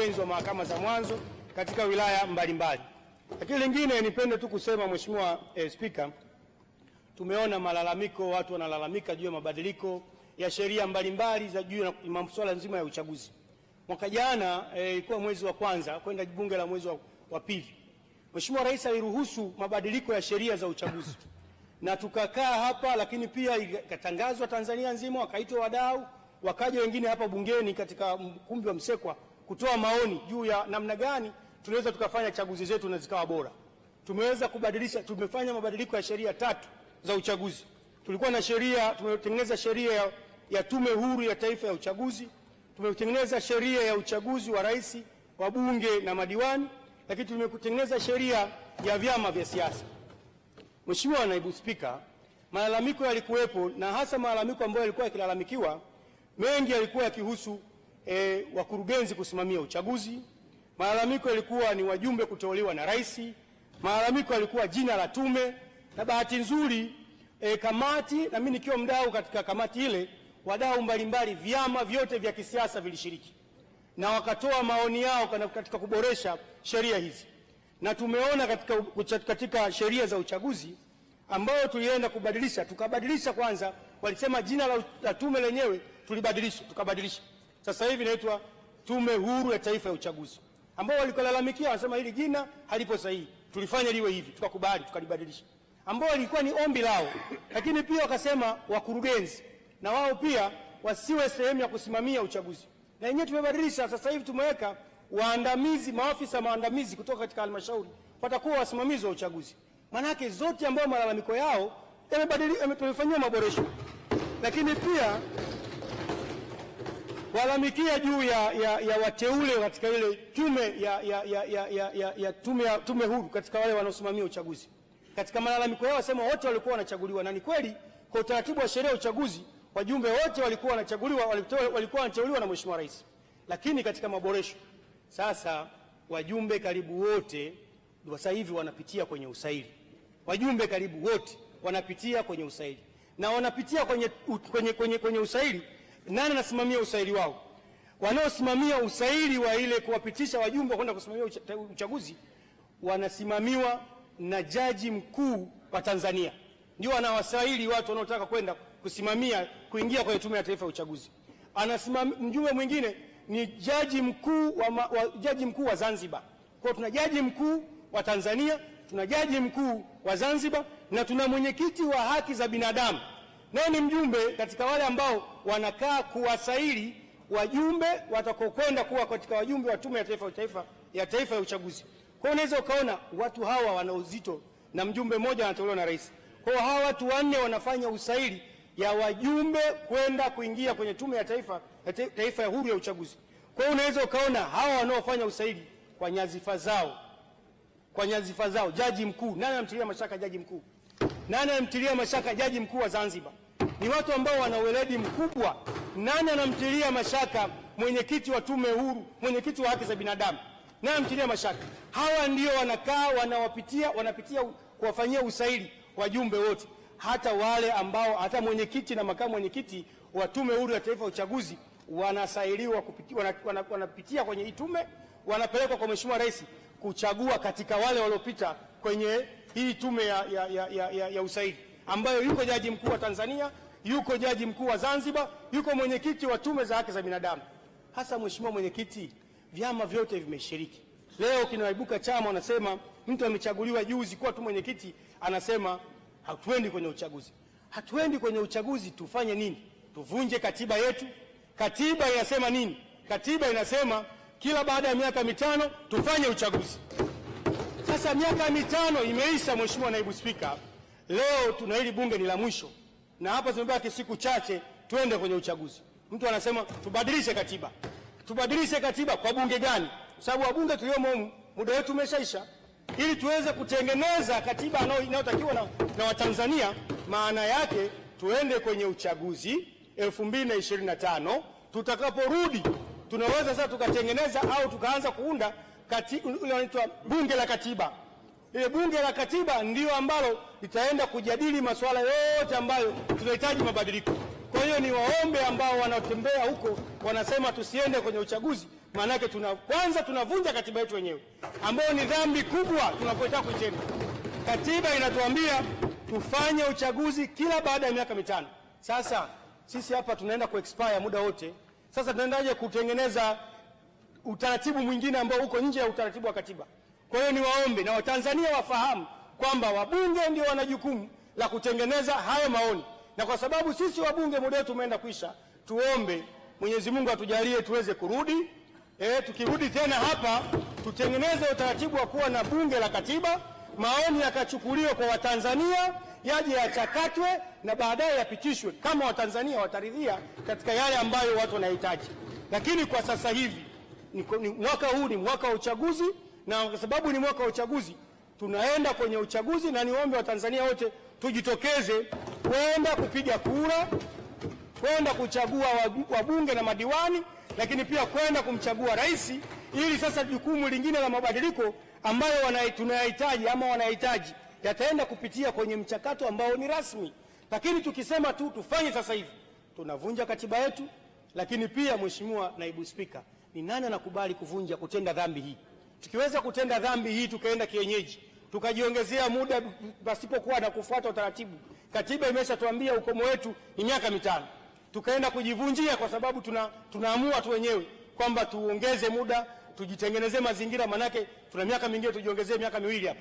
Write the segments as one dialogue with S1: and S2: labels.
S1: ujenzi wa mahakama za mwanzo katika wilaya mbalimbali. Lakini lingine nipende tu kusema Mheshimiwa eh, Spika, tumeona malalamiko, watu wanalalamika juu ya mabadiliko ya sheria mbalimbali za juu ya masuala nzima ya uchaguzi. Mwaka jana eh, ilikuwa eh, mwezi wa kwanza kwenda bunge la mwezi wa, wa pili, Mheshimiwa Rais aliruhusu mabadiliko ya sheria za uchaguzi na tukakaa hapa, lakini pia ikatangazwa Tanzania nzima, wakaitwa wadau, wakaja wengine hapa bungeni katika ukumbi wa Msekwa kutoa maoni juu ya namna gani tunaweza tukafanya chaguzi zetu na zikawa bora. Tumeweza kubadilisha, tumefanya mabadiliko ya sheria tatu za uchaguzi. Tulikuwa na sheria, tumetengeneza sheria ya, ya Tume Huru ya Taifa ya Uchaguzi, tumetengeneza sheria ya uchaguzi wa rais, bunge na madiwani, lakini tumekutengeneza sheria ya vyama vya siasa. Mheshimiwa Naibu Spika, malalamiko yalikuwepo na hasa malalamiko ambayo yalikuwa yakilalamikiwa mengi yalikuwa yakihusu e, wakurugenzi kusimamia uchaguzi. Malalamiko yalikuwa ni wajumbe kuteuliwa na rais. Malalamiko yalikuwa jina la tume, na bahati nzuri e, kamati na mimi nikiwa mdau katika kamati ile, wadau mbalimbali, vyama vyote vya kisiasa vilishiriki na wakatoa maoni yao katika kuboresha sheria hizi, na tumeona katika, katika sheria za uchaguzi ambayo tulienda kubadilisha, tukabadilisha. Kwanza walisema jina la, la tume lenyewe tulibadilisha, tukabadilisha sasa hivi inaitwa Tume Huru ya Taifa ya Uchaguzi, ambao walikolalamikia wanasema hili jina halipo sahihi, tulifanya liwe hivi, tukakubali, tukalibadilisha, ambao ilikuwa ni ombi lao. Lakini pia wakasema wakurugenzi na wao pia wasiwe sehemu ya kusimamia uchaguzi, na yenyewe tumebadilisha sasa hivi tumeweka waandamizi, maafisa maandamizi kutoka katika halmashauri watakuwa wasimamizi wa uchaguzi. Maanake zote ambayo malalamiko yao yamebadilika, tumefanyiwa maboresho, lakini pia walalamikia juu ya, ya, ya wateule katika ile tume ya, ya, ya, ya, ya, ya, ya tume, ya, tume huru katika wale wanaosimamia uchaguzi. Katika malalamiko yao wasema wote walikuwa wanachaguliwa, na ni kweli kwa utaratibu wa sheria ya uchaguzi wajumbe wote walikuwa wanachaguliwa, walikuwa wanateuliwa na mheshimiwa rais, lakini katika maboresho sasa wajumbe karibu wote sasa hivi wanapitia kwenye usaili, wajumbe karibu wote wanapitia kwenye usaili na wanapitia kwenye, kwenye, kwenye, kwenye usaili nani anasimamia usaili wao? Wanaosimamia usaili wa ile kuwapitisha wajumbe wa kwenda kusimamia uchaguzi wanasimamiwa na jaji mkuu wa Tanzania, ndio anawasaili watu wanaotaka kwenda kusimamia kuingia kwenye Tume ya Taifa ya Uchaguzi. Anasimamia mjumbe mwingine ni jaji mkuu wa, wa, jaji mkuu wa Zanzibar. Kwa tuna jaji mkuu wa Tanzania, tuna jaji mkuu wa Zanzibar na tuna mwenyekiti wa haki za binadamu, naye ni mjumbe katika wale ambao wanakaa kuwasaili wajumbe watakokwenda kuwa katika wajumbe wa Tume ya Taifa, Taifa, ya Taifa ya Uchaguzi. Kwa hiyo unaweza ukaona watu hawa wana uzito na mjumbe mmoja anatolewa na rais. Kwa hiyo hawa watu wanne wanafanya usaili ya wajumbe kwenda kuingia kwenye Tume ya Taifa ya, Taifa ya Huru ya Uchaguzi. Kwa hiyo unaweza ukaona hawa wanaofanya usaili kwa nyazifa zao, kwa nyazifa zao, jaji mkuu, nani anamtilia mashaka jaji mkuu? Nani anamtilia mashaka jaji mkuu wa Zanzibar? ni watu ambao wana weledi mkubwa. Nani anamtilia mashaka mwenyekiti wa tume huru, mwenyekiti wa haki za binadamu? Nani anamtilia mashaka? Hawa ndio wanakaa wanawapitia, wanapitia kuwafanyia usaili wajumbe wote, hata wale ambao hata mwenyekiti na makamu mwenyekiti wa tume huru ya taifa ya uchaguzi wanasailiwa wanapitia kwenye hii tume, wanapelekwa kwa mheshimiwa rais kuchagua katika wale waliopita kwenye hii tume ya, ya, ya, ya, ya usaili ambayo yuko jaji mkuu wa Tanzania, yuko jaji mkuu wa Zanzibar, yuko mwenyekiti wa tume za haki za binadamu. Hasa mheshimiwa mwenyekiti, vyama vyote vimeshiriki. Leo kinaibuka chama wanasema mtu amechaguliwa juzi kuwa tu mwenyekiti, anasema hatuendi kwenye uchaguzi. Hatuendi kwenye uchaguzi, tufanye nini? Tuvunje katiba yetu? Katiba inasema nini? Katiba inasema kila baada ya miaka mitano tufanye uchaguzi. Sasa miaka mitano imeisha, mheshimiwa naibu spika. Leo tuna hili bunge ni la mwisho, na hapa zimebaki siku chache twende kwenye uchaguzi. Mtu anasema tubadilishe katiba, tubadilishe katiba kwa bunge gani? Kwa sababu wabunge tuliomo muda wetu umeshaisha, ili tuweze kutengeneza katiba inayotakiwa na, na Watanzania. Maana yake tuende kwenye uchaguzi 2025 tutakaporudi tunaweza sasa tukatengeneza au tukaanza kuunda kati, unaitwa bunge la katiba. Ile bunge la katiba ndio ambalo litaenda kujadili masuala yote ambayo tunahitaji mabadiliko. Kwa hiyo ni waombe ambao wanatembea huko wanasema tusiende kwenye uchaguzi, maanake tuna kwanza tunavunja katiba yetu wenyewe, ambayo ni dhambi kubwa tunapotaka kuitenda. Katiba inatuambia tufanye uchaguzi kila baada ya miaka mitano. Sasa sisi hapa tunaenda kuexpire muda wote, sasa tunaendaje kutengeneza utaratibu mwingine ambao uko nje ya utaratibu wa katiba? Kwa hiyo niwaombe na Watanzania wafahamu kwamba wabunge ndio wana jukumu la kutengeneza hayo maoni, na kwa sababu sisi wabunge muda wetu umeenda kwisha, tuombe Mwenyezi Mungu atujalie tuweze kurudi e, tukirudi tena hapa tutengeneze utaratibu wa kuwa na bunge la katiba, maoni yakachukuliwe kwa Watanzania, yaje yachakatwe na baadaye yapitishwe kama Watanzania wataridhia katika yale ambayo watu wanahitaji. Lakini kwa sasa hivi ni, ni, mwaka huu ni mwaka wa uchaguzi na kwa sababu ni mwaka wa uchaguzi, tunaenda kwenye uchaguzi, na niombe Watanzania wote tujitokeze kwenda kupiga kura, kwenda kuchagua wabunge na madiwani, lakini pia kwenda kumchagua rais, ili sasa jukumu lingine la mabadiliko ambayo tunayahitaji ama wanahitaji yataenda kupitia kwenye mchakato ambao ni rasmi. Lakini tukisema tu tufanye sasa hivi, tunavunja katiba yetu. Lakini pia, Mheshimiwa Naibu Spika, ni nani anakubali kuvunja kutenda dhambi hii? Tukiweza kutenda dhambi hii tukaenda kienyeji tukajiongezea muda pasipokuwa na kufuata utaratibu, katiba imeshatuambia ukomo wetu ni miaka mitano, tukaenda kujivunjia kwa sababu tuna, tunaamua tu wenyewe kwamba tuongeze muda tujitengenezee mazingira, manake tuna miaka mingine tujiongezee miaka miwili hapa,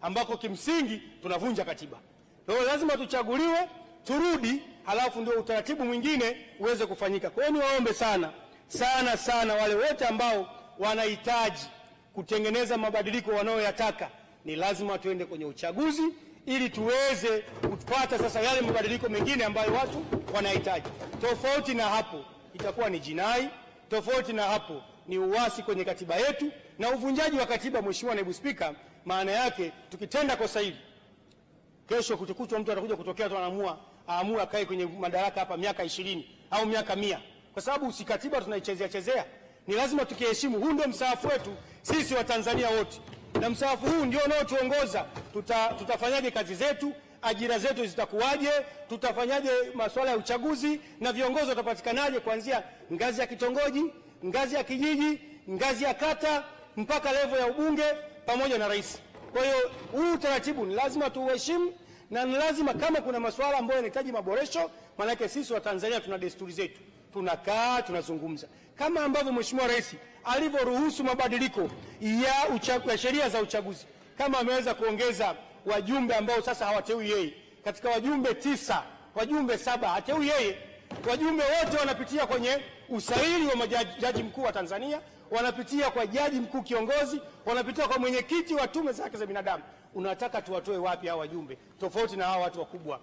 S1: ambako kimsingi tunavunja katiba. Kwa hiyo lazima tuchaguliwe turudi, halafu ndio utaratibu mwingine uweze kufanyika. Kwa hiyo niwaombe sana sana sana wale wote ambao wanahitaji kutengeneza mabadiliko wanayoyataka, ni lazima tuende kwenye uchaguzi ili tuweze kupata sasa yale mabadiliko mengine ambayo watu wanahitaji. Tofauti na hapo itakuwa ni jinai, tofauti na hapo ni uasi kwenye katiba yetu na uvunjaji wa katiba. Mheshimiwa Naibu Spika, maana yake tukitenda kosa hili, kesho kutukutwa mtu atakuja kutokea tu anaamua aamue akae kwenye madaraka hapa miaka ishirini au miaka mia, kwa sababu si katiba tunaichezea chezea ni lazima tukiheshimu. Huu ndio msaafu wetu sisi Watanzania wote, na msaafu huu ndio unaotuongoza tuta, tutafanyaje kazi zetu, ajira zetu zitakuwaje, tutafanyaje masuala ya uchaguzi na viongozi watapatikanaje, kuanzia ngazi ya kitongoji, ngazi ya kijiji, ngazi ya kata mpaka levo ya ubunge pamoja na rais. Kwa hiyo huu utaratibu ni lazima tuuheshimu na ni lazima, kama kuna masuala ambayo yanahitaji maboresho, maanake sisi Watanzania tuna desturi zetu, tunakaa tunazungumza, kama ambavyo Mheshimiwa Rais alivyoruhusu mabadiliko ya sheria za uchaguzi, kama ameweza kuongeza wajumbe ambao sasa hawateui yeye katika wajumbe tisa, wajumbe saba hateui yeye, wajumbe wote wanapitia kwenye usaili wa majaji mkuu wa Tanzania, wanapitia kwa jaji mkuu kiongozi, wanapitia kwa mwenyekiti wa tume za haki za binadamu unataka tuwatoe wapi hawa wajumbe, tofauti na hawa watu wakubwa,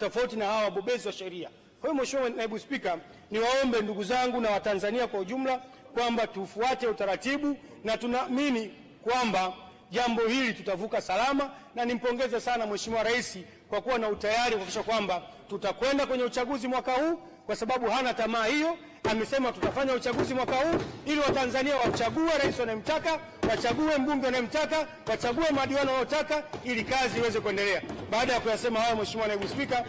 S1: tofauti na hawa wabobezi wa sheria. Kwa hiyo Mheshimiwa Naibu Spika, niwaombe ndugu zangu na Watanzania kwa ujumla kwamba tufuate utaratibu na tunaamini kwamba jambo hili tutavuka salama, na nimpongeze sana Mheshimiwa Rais kwa kuwa na utayari kuhakikisha kwamba tutakwenda kwenye uchaguzi mwaka huu, kwa sababu hana tamaa hiyo amesema tutafanya uchaguzi mwaka huu ili Watanzania wachague rais wanayemtaka, wachague mbunge wanayemtaka, wachague madiwani wanayotaka, ili kazi iweze kuendelea. Baada ya kuyasema hayo, Mheshimiwa Naibu Spika,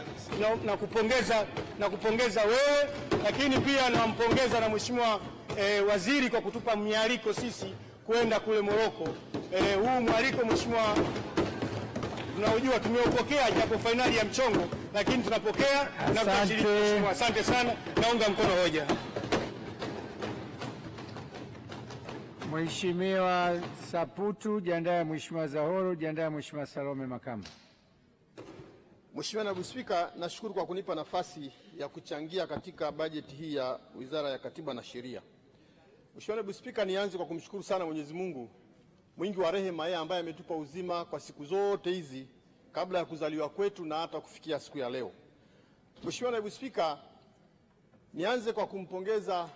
S1: nakupongeza na kupongeza wewe, lakini pia nampongeza na, na Mheshimiwa eh, waziri kwa kutupa mialiko sisi kwenda kule Moroko. Eh, huu mwaliko Mheshimiwa, tunaojua tumeupokea japo fainali ya mchongo lakini tunapokea na tutashiriki. Asante sana, naunga mkono hoja.
S2: Mheshimiwa Saputu, jiandae. Mheshimiwa Zahoro, jiandae. Mheshimiwa Salome Makamba.
S1: Mheshimiwa Naibu Spika, nashukuru kwa kunipa nafasi ya kuchangia katika bajeti hii ya Wizara ya Katiba na Sheria. Mheshimiwa Naibu Spika, nianze kwa kumshukuru sana Mwenyezi Mungu mwingi wa rehema, yeye ambaye ametupa uzima kwa siku zote hizi kabla ya kuzaliwa kwetu na hata kufikia siku ya leo. Mheshimiwa Naibu Spika, nianze kwa kumpongeza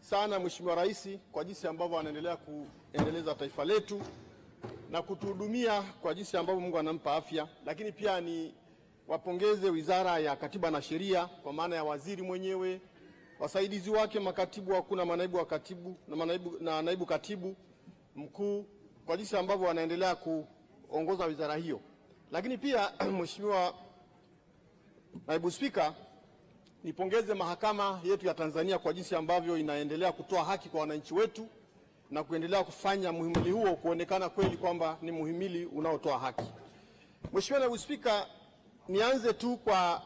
S1: sana Mheshimiwa Rais kwa jinsi ambavyo anaendelea kuendeleza taifa letu na kutuhudumia kwa jinsi ambavyo Mungu anampa afya, lakini pia ni wapongeze Wizara ya Katiba na Sheria kwa maana ya waziri mwenyewe, wasaidizi wake, makatibu wakuu na manaibu wa katibu na manaibu, na naibu katibu mkuu kwa jinsi ambavyo wanaendelea kuongoza wizara hiyo. Lakini pia Mheshimiwa Naibu Spika, nipongeze mahakama yetu ya Tanzania kwa jinsi ambavyo inaendelea kutoa haki kwa wananchi wetu na kuendelea kufanya muhimili huo kuonekana kweli kwamba ni muhimili unaotoa haki. Mheshimiwa Naibu Spika, nianze tu kwa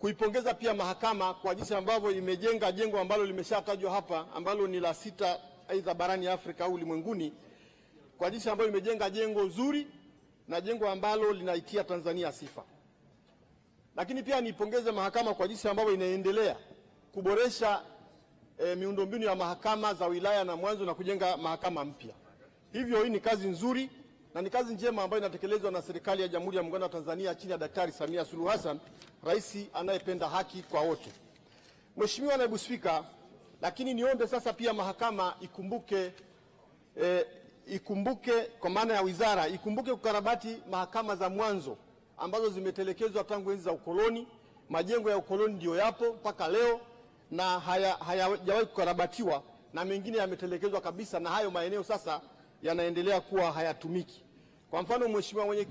S1: kuipongeza pia mahakama kwa jinsi ambavyo imejenga jengo ambalo limeshatajwa hapa ambalo ni la sita aidha barani Afrika au ulimwenguni, kwa jinsi ambavyo imejenga jengo zuri na jengo ambalo linaitia Tanzania sifa. Lakini pia niipongeze mahakama kwa jinsi ambavyo inaendelea kuboresha e, miundombinu ya mahakama za wilaya na mwanzo na kujenga mahakama mpya. Hivyo hii ni kazi nzuri na ni kazi njema ambayo inatekelezwa na serikali ya Jamhuri ya Muungano wa Tanzania chini ya Daktari Samia Suluhu Hassan, rais anayependa haki kwa wote. Mheshimiwa Naibu Spika, lakini niombe sasa pia mahakama ikumbuke e, ikumbuke kwa maana ya wizara ikumbuke kukarabati mahakama za mwanzo ambazo zimetelekezwa tangu enzi za ukoloni. Majengo ya ukoloni ndiyo yapo mpaka leo na hayajawahi haya kukarabatiwa, na mengine yametelekezwa kabisa, na hayo maeneo sasa yanaendelea kuwa hayatumiki. Kwa mfano, mheshimiwa mwenye